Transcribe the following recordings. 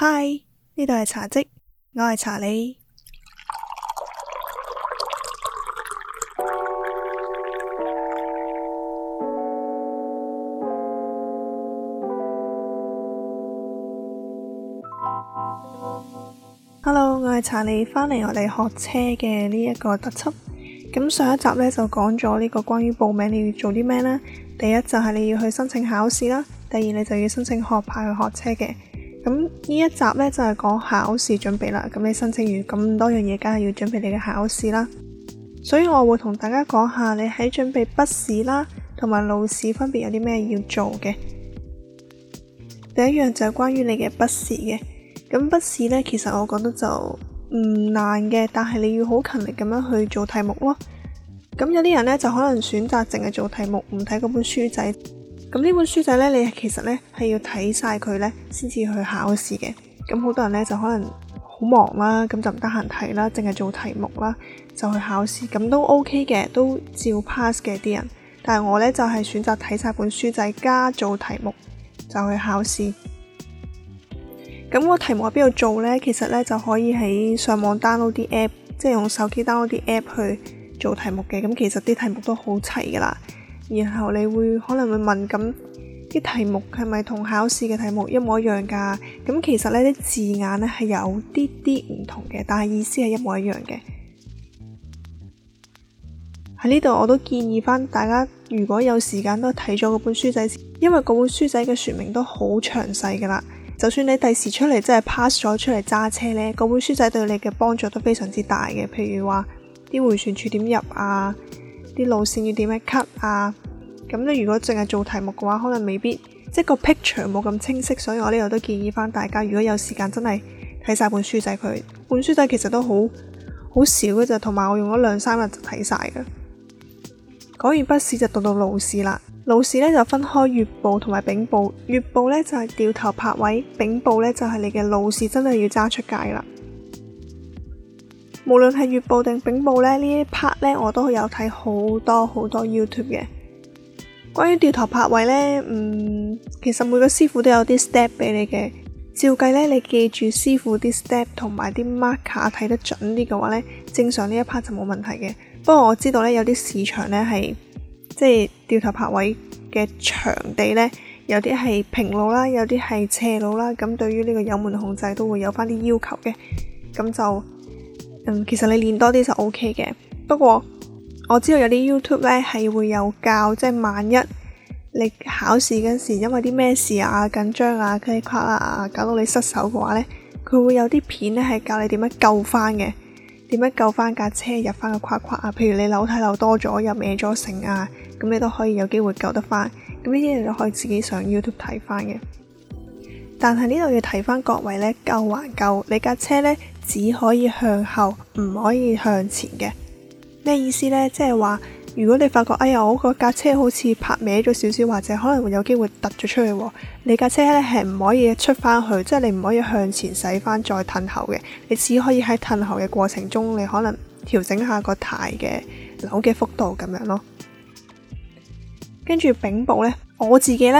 Hi，呢度係茶職，我係查理。Hello，我係查理，返嚟我哋學車嘅呢一個特輯。咁上一集呢就講咗呢個關於報名你要做啲咩呢？第一就係你要去申請考試啦，第二你就要申請學牌去學車嘅。咁呢一集呢，就係講考試準備啦，咁你申請完咁多樣嘢，梗係要準備你嘅考試啦。所以我會同大家講下你喺準備筆試啦，同埋路試分別有啲咩要做嘅。第一樣就係關於你嘅筆試嘅，咁筆試呢，其實我覺得就唔難嘅，但係你要好勤力咁樣去做題目咯。咁有啲人呢，就可能選擇淨係做題目，唔睇嗰本書仔。咁呢本書仔咧，你其實咧係要睇晒佢咧，先至去考試嘅。咁好多人咧就可能好忙啦，咁就唔得閒睇啦，淨係做題目啦，就去考試，咁都 OK 嘅，都照 pass 嘅啲人。但係我咧就係選擇睇晒本書仔加做題目就去考試。咁個題目喺邊度做咧？其實咧就可以喺上網 download 啲 app，即係用手機 download 啲 app 去做題目嘅。咁其實啲題目都好齊㗎喇。然後你會可能會問，咁啲題目係咪同考試嘅題目一模一樣㗎？咁其實呢啲字眼呢係有啲啲唔同嘅，但係意思係一模一樣嘅。喺呢度我都建議返大家，如果有時間都睇咗嗰本書仔先，因為嗰本書仔嘅説明都好詳細㗎喇。就算你第時出嚟真係 pass 咗出嚟揸車呢，嗰本書仔對你嘅幫助都非常之大嘅。譬如話啲回旋處點入啊？啲路線要點樣 cut 啊？咁咧，如果淨係做題目嘅話，可能未必即係個 picture 冇咁清晰，所以我呢度都建議翻大家，如果有時間，真係睇晒本書仔佢。本書仔其實都好好少嘅啫，同埋我用咗兩三日就睇晒㗎。講完筆試就到到路試啦。路試呢就分開乙部同埋丙部。乙部呢就係、是、掉頭泊位，丙部呢就係、是、你嘅路試真係要揸出街啦。無論係月報定丙報咧，呢一 part 咧我都有睇好多好多 YouTube 嘅。關於掉頭泊位咧，嗯，其實每個師傅都有啲 step 俾你嘅。照計咧，你記住師傅啲 step 同埋啲 marker 睇得準啲嘅話咧，正常呢一 part 就冇問題嘅。不過我知道咧、就是，有啲市場咧係即係掉頭泊位嘅場地咧，有啲係平路啦，有啲係斜路啦。咁對於呢個油門控制，都會有翻啲要求嘅，咁就。嗯，其實你練多啲就 O K 嘅。不過我知道有啲 YouTube 咧係會有教，即係萬一你考試嗰時因為啲咩事啊、緊張啊、劈哩啪啦啊，搞到你失手嘅話呢，佢會有啲片咧係教你點樣救翻嘅，點樣救翻架車入翻個框框啊。譬如你扭軚扭多咗，入歪咗繩啊，咁你都可以有機會救得翻。咁呢啲你就可以自己上 YouTube 睇翻嘅。但係呢度要提翻各位呢，救還救你架車呢。只可以向後，唔可以向前嘅。咩意思呢？即係話，如果你發覺，哎呀，我個架車好似拍歪咗少少，或者可能會有機會突咗出去。你架車咧係唔可以出翻去，即係你唔可以向前駛翻再褪後嘅。你只可以喺褪後嘅過程中，你可能調整下個軚嘅扭嘅幅度咁樣咯。跟住丙部呢，我自己呢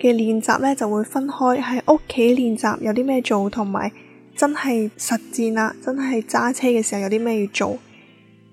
嘅練習呢，就會分開喺屋企練習，有啲咩做同埋，真係實戰啦！真係揸車嘅時候有啲咩要做？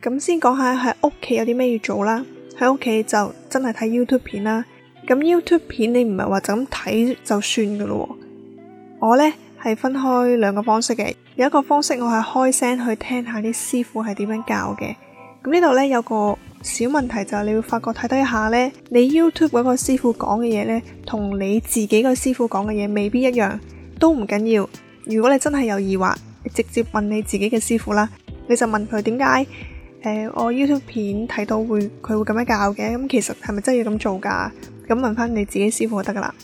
咁先講下喺屋企有啲咩要做啦。喺屋企就真係睇 YouTube 片啦。咁 YouTube 片你唔係話就咁睇就算嘅咯。我呢係分開兩個方式嘅。有一個方式我係開聲去聽下啲師傅係點樣教嘅。咁呢度呢，有個小問題就係你會發覺睇低一下呢，你 YouTube 嗰個師傅講嘅嘢呢，同你自己個師傅講嘅嘢未必一樣，都唔緊要。如果你真係有疑惑，直接問你自己嘅師傅啦，你就問佢點解誒，我 YouTube 片睇到會佢會咁樣教嘅，咁其實係咪真係要咁做噶？咁問翻你自己師傅就得噶啦。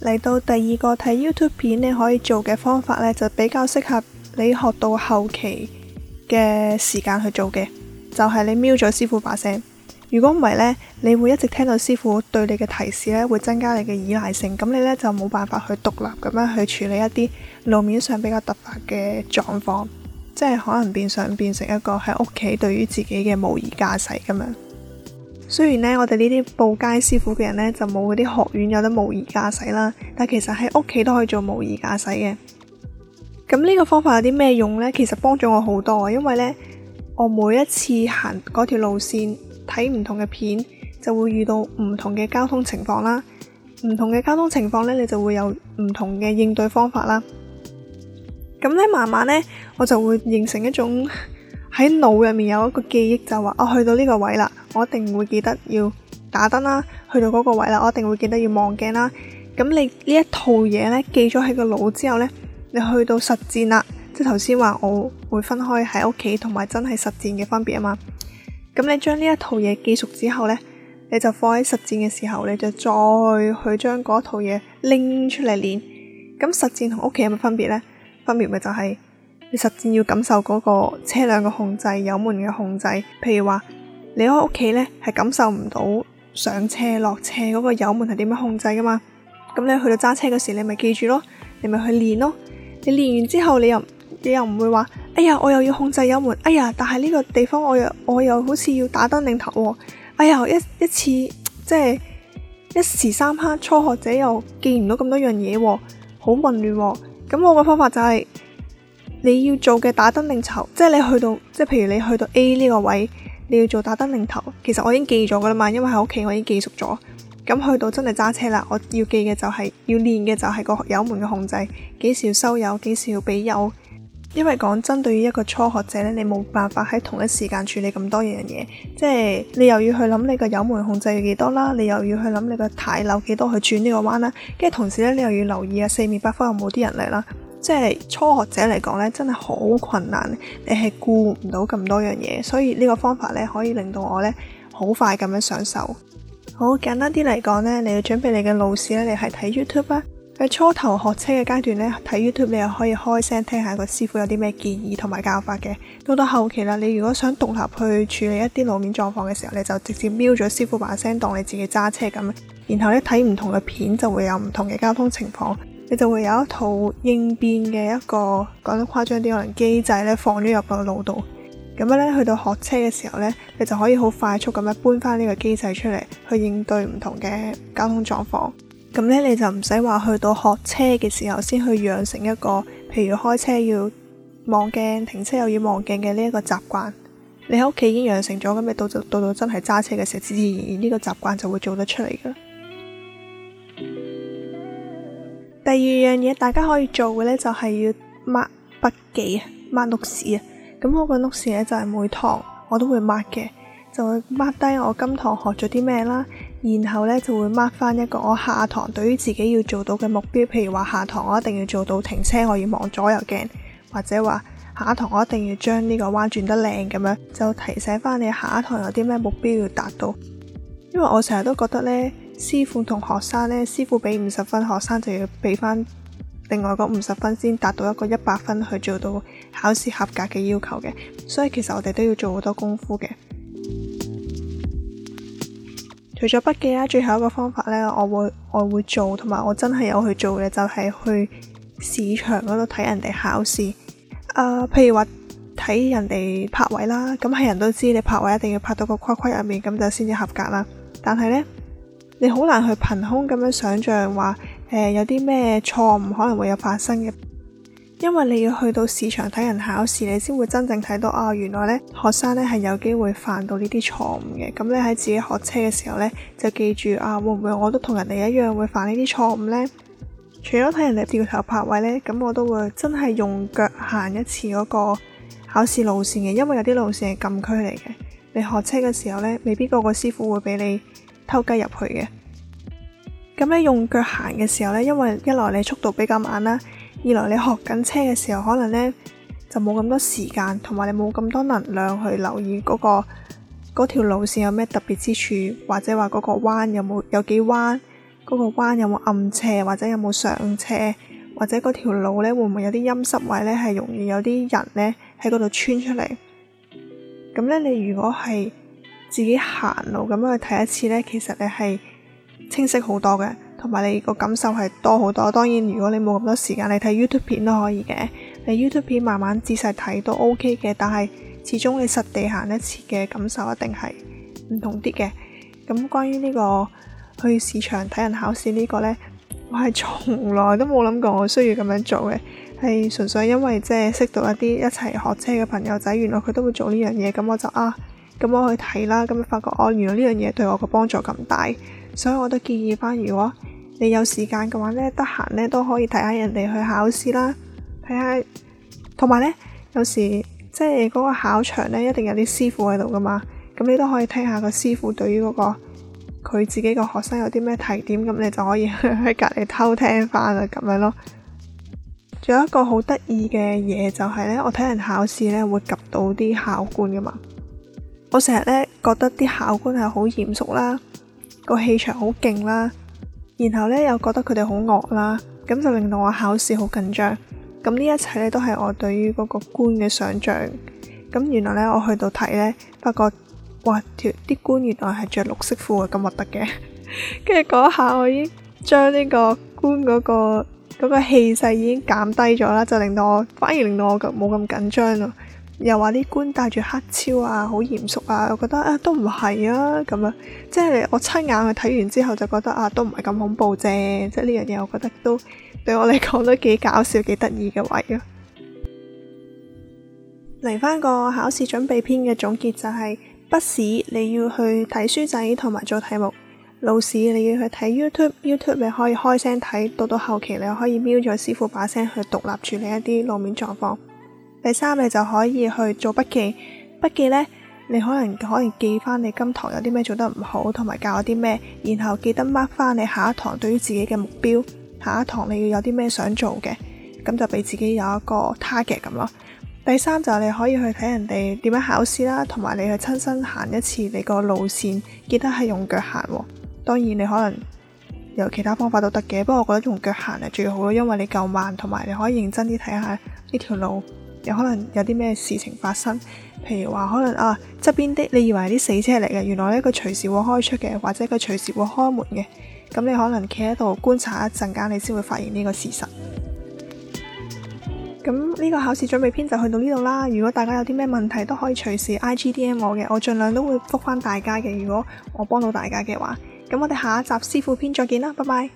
嚟到第二個睇 YouTube 片，你可以做嘅方法呢，就比較適合你學到後期嘅時間去做嘅，就係、是、你瞄咗師傅把聲。如果唔係呢，你會一直聽到師傅對你嘅提示呢，會增加你嘅依賴性。咁你呢，就冇辦法去獨立咁樣去處理一啲路面上比較突發嘅狀況，即係可能變相變成一個喺屋企對於自己嘅模擬駕駛咁樣。雖然呢，我哋呢啲報街師傅嘅人呢，就冇嗰啲學院有得模擬駕駛啦，但其實喺屋企都可以做模擬駕駛嘅。咁呢個方法有啲咩用呢？其實幫咗我好多啊，因為呢，我每一次行嗰條路線。睇唔同嘅片，就會遇到唔同嘅交通情況啦。唔同嘅交通情況呢，你就會有唔同嘅應對方法啦。咁咧，慢慢呢，我就會形成一種喺腦入面有一個記憶，就話我，啊，去到呢個位啦，我一定會記得要打燈啦。去到嗰個位啦，我一定會記得要望鏡啦。咁你呢一套嘢呢，記咗喺個腦之後呢，你去到實戰啦，即係頭先話我會分開喺屋企同埋真係實戰嘅分別啊嘛。咁你將呢一套嘢記熟之後咧，你就放喺實戰嘅時候，你就再去去將嗰套嘢拎出嚟練。咁實戰同屋企有乜分別咧？分別咪就係你實戰要感受嗰個車輛嘅控制、油門嘅控制。譬如話你喺屋企咧係感受唔到上車、落車嗰個油門係點樣控制噶嘛。咁你去到揸車嗰時，你咪記住咯，你咪去練咯。你練完之後，你又你又唔會話。哎呀，我又要控制油門，哎呀，但係呢個地方我又我又好似要打燈擰頭哦，哎呀，一一次即係一時三刻，初學者又記唔到咁多樣嘢哦，好混亂。咁我個方法就係、是、你要做嘅打燈擰頭，即係你去到即係譬如你去到 A 呢個位，你要做打燈擰頭。其實我已經記咗噶啦嘛，因為喺屋企我已經記熟咗。咁去到真係揸車啦，我要記嘅就係、是、要練嘅就係個油門嘅控制，幾時要收油，幾時要俾油。因為講真，對於一個初學者咧，你冇辦法喺同一時間處理咁多樣嘢，即係你又要去諗你個油門控制要幾多啦，你又要去諗你個抬溜幾多去轉呢個彎啦，跟住同時咧，你又要留意下四面八方有冇啲人嚟啦，即係初學者嚟講咧，真係好困難，你係顧唔到咁多樣嘢，所以呢個方法咧可以令到我咧好快咁樣上手。好簡單啲嚟講咧，你要準備你嘅路試咧，你係睇 YouTube 啦。喺初頭學車嘅階段咧，睇 YouTube 你又可以開聲聽下個師傅有啲咩建議同埋教法嘅。到到後期啦，你如果想獨立去處理一啲路面狀況嘅時候，你就直接瞄咗師傅把聲當你自己揸車咁。然後咧，睇唔同嘅片，就會有唔同嘅交通情況，你就會有一套應變嘅一個，講得誇張啲，可能機制咧放咗入個腦度。咁咧去到學車嘅時候咧，你就可以好快速咁樣搬翻呢個機制出嚟，去應對唔同嘅交通狀況。.咁呢，你就唔使話去到學車嘅時候先去養成一個，譬如開車要望鏡，停車又要望鏡嘅呢一個習慣。你喺屋企已經養成咗，咁你到到到真係揸車嘅時候，自然而然呢個習慣就會做得出嚟噶。 第二樣嘢，大家可以做嘅呢，就係要抹筆記啊，抹 notes 啊。咁我個 notes 呢，就係每堂我都會抹嘅，就會抹低我今堂學咗啲咩啦。然後咧就會 mark 翻一個我下堂對於自己要做到嘅目標，譬如話下堂我一定要做到停車，我要望左右鏡，或者話下堂我一定要將呢個彎轉得靚咁樣，就提醒翻你下堂有啲咩目標要達到。因為我成日都覺得呢，師傅同學生呢，師傅俾五十分，學生就要俾翻另外嗰五十分先達到一個一百分去做到考試合格嘅要求嘅，所以其實我哋都要做好多功夫嘅。除咗筆記啦，最後一個方法呢，我會我會做，同埋我真係有去做嘅，就係去試場嗰度睇人哋考試。誒，譬如話睇人哋拍位啦，咁係人都知你拍位一定要拍到個框框入面，咁就先至合格啦。但係呢，你好難去憑空咁樣想像話，誒，有啲咩錯誤可能會有發生嘅。因為你要去到試場睇人考試，你先會真正睇到啊，原來呢，學生呢係有機會犯到呢啲錯誤嘅。咁你喺自己學車嘅時候呢，就記住啊，會唔會我都同人哋一樣會犯呢啲錯誤呢？除咗睇人哋掉頭泊位呢，咁我都會真係用腳行一次嗰個考試路線嘅。因為有啲路線係禁區嚟嘅，你學車嘅時候呢，未必個個師傅會俾你偷雞入去嘅。咁你用腳行嘅時候呢，因為一來你速度比較慢啦。二來，你學緊車嘅時候，可能呢就冇咁多時間，同埋你冇咁多能量去留意嗰個、嗰條路線有咩特別之處，或者話嗰個彎有冇有，有幾彎，嗰個彎有冇暗斜，或者有冇上斜，或者嗰條路呢會唔會有啲陰濕位呢？係容易有啲人呢喺嗰度穿出嚟。咁呢你如果係自己行路咁樣去睇一次呢，其實你係清晰好多嘅。同埋你個感受係多好多。當然，如果你冇咁多時間，你睇 YouTube 片都可以嘅。你 YouTube 片慢慢仔細睇都 OK 嘅。但係始終你實地行一次嘅感受一定係唔同啲嘅。咁、嗯、關於呢、呢個去市場睇人考試呢個呢，我係從來都冇諗過我需要咁樣做嘅，係純粹因為即、就、係、係、識到一啲一齊學車嘅朋友仔，原來佢都會做呢樣嘢，咁、嗯、我就啊，咁、嗯、我去睇啦，咁、嗯、發覺哦，原來呢樣嘢對我嘅幫助咁大，所以我都建議返如果，你有時間嘅話咧，得閒咧都可以睇下人哋去考試啦，睇下同埋咧有時即係嗰個考場咧一定有啲師傅喺度噶嘛，咁你都可以聽下個師傅對於嗰個佢自己個學生有啲咩提點，咁你就可以喺隔離偷聽翻啦咁樣咯。仲有一個好得意嘅嘢就係咧，我睇人考試咧會及到啲考官噶嘛，我成日咧覺得啲考官係好嚴肅啦，個氣場好勁啦。然後咧又覺得佢哋好惡啦，咁就令到我考試好緊張。咁呢一切咧都係我對於嗰個官嘅想象。咁原來咧我去到睇咧，發覺哇條啲官原來係着綠色褲嘅咁核突嘅。跟住嗰下我已經將呢個官嗰個嗰個氣勢已經減低咗啦，就令到我反而令到我冇咁緊張咯。又話啲官戴住黑超啊，好嚴肅啊，我覺得啊都唔係啊咁啊，啊即係我親眼去睇完之後就覺得啊都唔係咁恐怖啫，即係呢樣嘢我覺得都對我嚟講都幾搞笑幾得意嘅位啊。嚟翻個考試準備篇嘅總結就係筆試你要去睇書仔同埋做題目，路試你要去睇 you YouTube，YouTube 你可以開聲睇，到到後期你可以瞄咗師傅把聲去獨立處理一啲路面狀況。第三，你就可以去做筆記。筆記呢，你可能可以記翻你今堂有啲咩做得唔好，同埋教咗啲咩，然後記得 mark 翻你下一堂對於自己嘅目標，下一堂你要有啲咩想做嘅，咁就俾自己有一個 target 咁咯。第三就你可以去睇人哋點樣考試啦，同埋你去親身行一次你個路線，記得係用腳行。當然你可能有其他方法都得嘅，不過我覺得用腳行係最好咯，因為你夠慢，同埋你可以認真啲睇下呢條路。有可能有啲咩事情發生，譬如話可能啊側邊啲你以為係啲死車嚟嘅，原來呢佢隨時會開出嘅，或者佢隨時會開門嘅，咁你可能企喺度觀察一陣間，你先會發現呢個事實。咁呢個考試準備篇就去到呢度啦，如果大家有啲咩問題都可以隨時 I G D M 我嘅，我盡量都會覆翻大家嘅，如果我幫到大家嘅話，咁我哋下一集師傅篇再見啦，拜拜。